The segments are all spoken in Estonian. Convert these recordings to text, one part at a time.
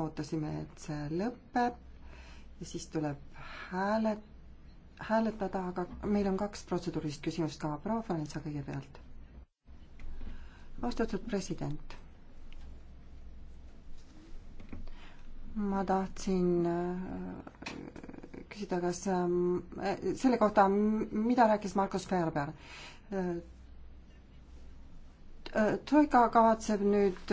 ootasime, et see lõpeb ja siis tuleb hääle, hääletada, aga meil on kaks protseduurilist küsimust ka. proua Forensa kõigepealt. austatud president. ma tahtsin äh, küsida, kas äh, selle kohta, mida rääkis Markus Ferber? Äh, Troika kavatseb nüüd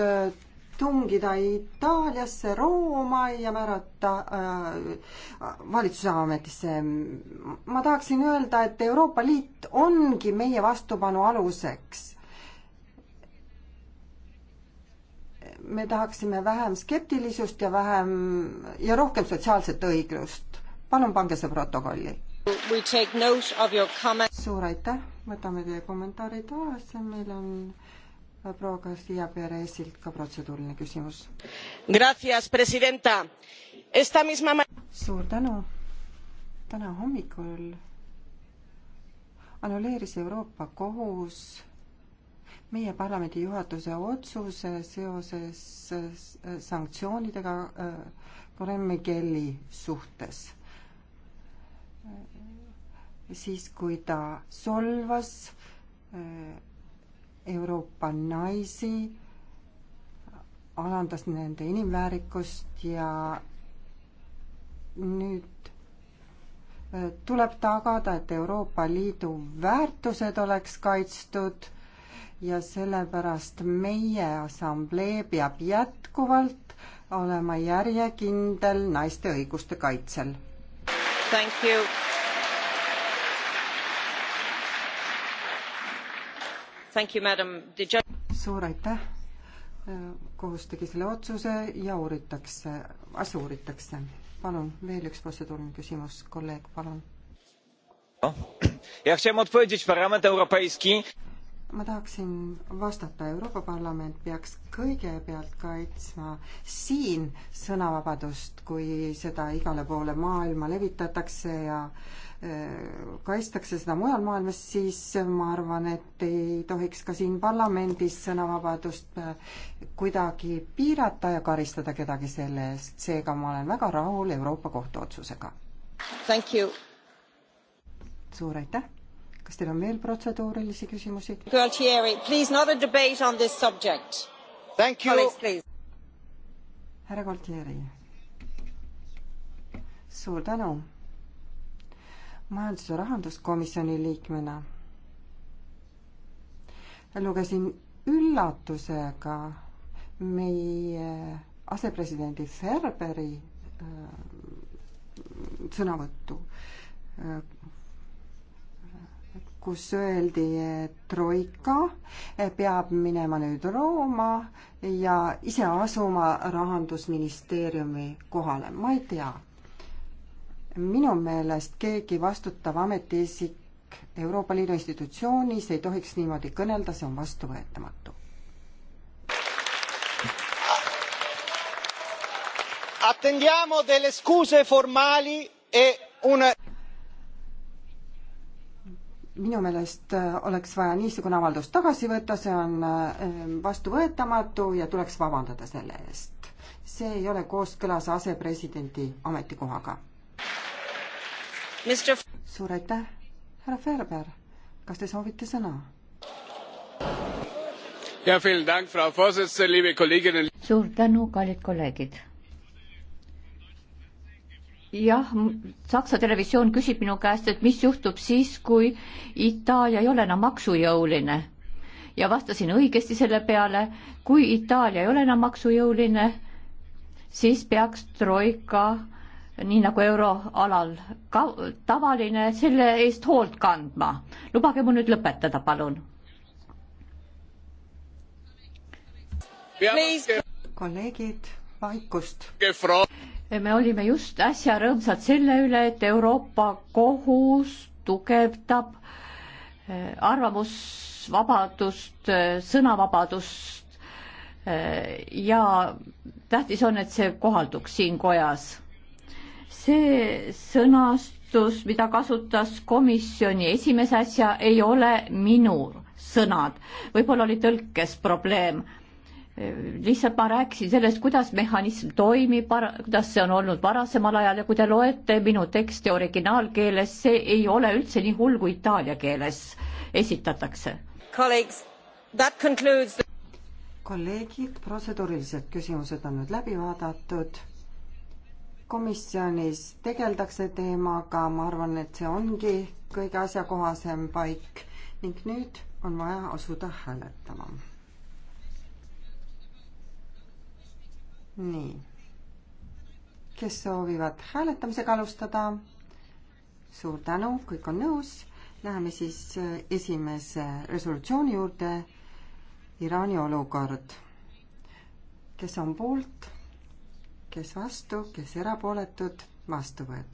tungida Itaaliasse, Rooma ja määrata äh, valitsuse ametisse. ma tahaksin öelda, et Euroopa Liit ongi meie vastupanu aluseks. me tahaksime vähem skeptilisust ja vähem ja rohkem sotsiaalset õiglust. palun pange see protokolli. suur aitäh, võtame teie kommentaarid vaesse, meil on äh, proua Garcia Peresilt ka protseduuriline küsimus. Misma... suur tänu. täna hommikul annuleeris Euroopa Kohus meie parlamendi juhatuse otsuse seoses äh, sanktsioonidega Karemme äh, Kelly suhtes. Äh, siis, kui ta solvas Euroopa naisi, alandas nende inimväärikust ja nüüd äh, tuleb tagada, et Euroopa Liidu väärtused oleks kaitstud ja sellepärast meie assamblee peab jätkuvalt olema järjekindel naiste õiguste kaitsel. Thank you. suur aitäh! kohus tegi selle otsuse ja uuritakse, asja uuritakse. palun, veel üks protseduuriline küsimus, kolleeg, palun. ja chciałem odpowiedzieć, Parlament Europejski ma tahaksin vastata, Euroopa Parlament peaks kõigepealt kaitsma siin sõnavabadust, kui seda igale poole maailma levitatakse ja äh, kaitstakse seda mujal maailmas, siis ma arvan, et ei tohiks ka siin parlamendis sõnavabadust äh, kuidagi piirata ja karistada kedagi selle eest, seega ma olen väga rahul Euroopa Kohtu otsusega. suur aitäh! kas teil on veel protseduurilisi küsimusi? härra Gualtieri. suur tänu. majandus- ja rahanduskomisjoni liikmena lugesin üllatusega meie asepresidendi Ferberi äh, sõnavõttu äh, kus öeldi, et Troika peab minema nüüd Rooma ja ise asuma rahandusministeeriumi kohale, ma ei tea. minu meelest keegi vastutav ametiisik Euroopa Liidu institutsioonis ei tohiks niimoodi kõnelda, see on vastuvõetamatu. Attendiamo delle scuse formali e un minu meelest äh, oleks vaja niisugune avaldus tagasi võtta, see on äh, vastuvõetamatu ja tuleks vabandada selle eest. see ei ole kooskõlas asepresidendi ametikohaga. suur aitäh, härra Ferber, kas te soovite sõna? suur tänu, kallid kolleegid jah, Saksa televisioon küsib minu käest, et mis juhtub siis, kui Itaalia ei ole enam maksujõuline. ja vastasin õigesti selle peale, kui Itaalia ei ole enam maksujõuline, siis peaks Troika nii nagu euroalal ka tavaline, selle eest hoolt kandma. lubage mul nüüd lõpetada, palun. kolleegid, vaikust me olime just äsja rõõmsad selle üle, et Euroopa Kohus tugevdab eh, arvamusvabadust, eh, sõnavabadust eh, ja tähtis on, et see kohalduks siin kojas. see sõnastus, mida kasutas komisjoni esimees äsja, ei ole minu sõnad, võib-olla oli tõlkes probleem lihtsalt ma rääkisin sellest, kuidas mehhanism toimib, kuidas see on olnud varasemal ajal ja kui te loete minu teksti originaalkeeles, see ei ole üldse nii hull, kui itaalia keeles esitatakse. kolleegid, protseduurilised küsimused on nüüd läbi vaadatud. komisjonis tegeldakse teemaga, ma arvan, et see ongi kõige asjakohasem paik ning nüüd on vaja asuda hääletama nii. kes soovivad hääletamisega alustada? suur tänu, kõik on nõus. Läheme siis äh, esimese resolutsiooni juurde. Iraani olukord. kes on poolt, kes vastu, kes erapooletud, vastu võetud.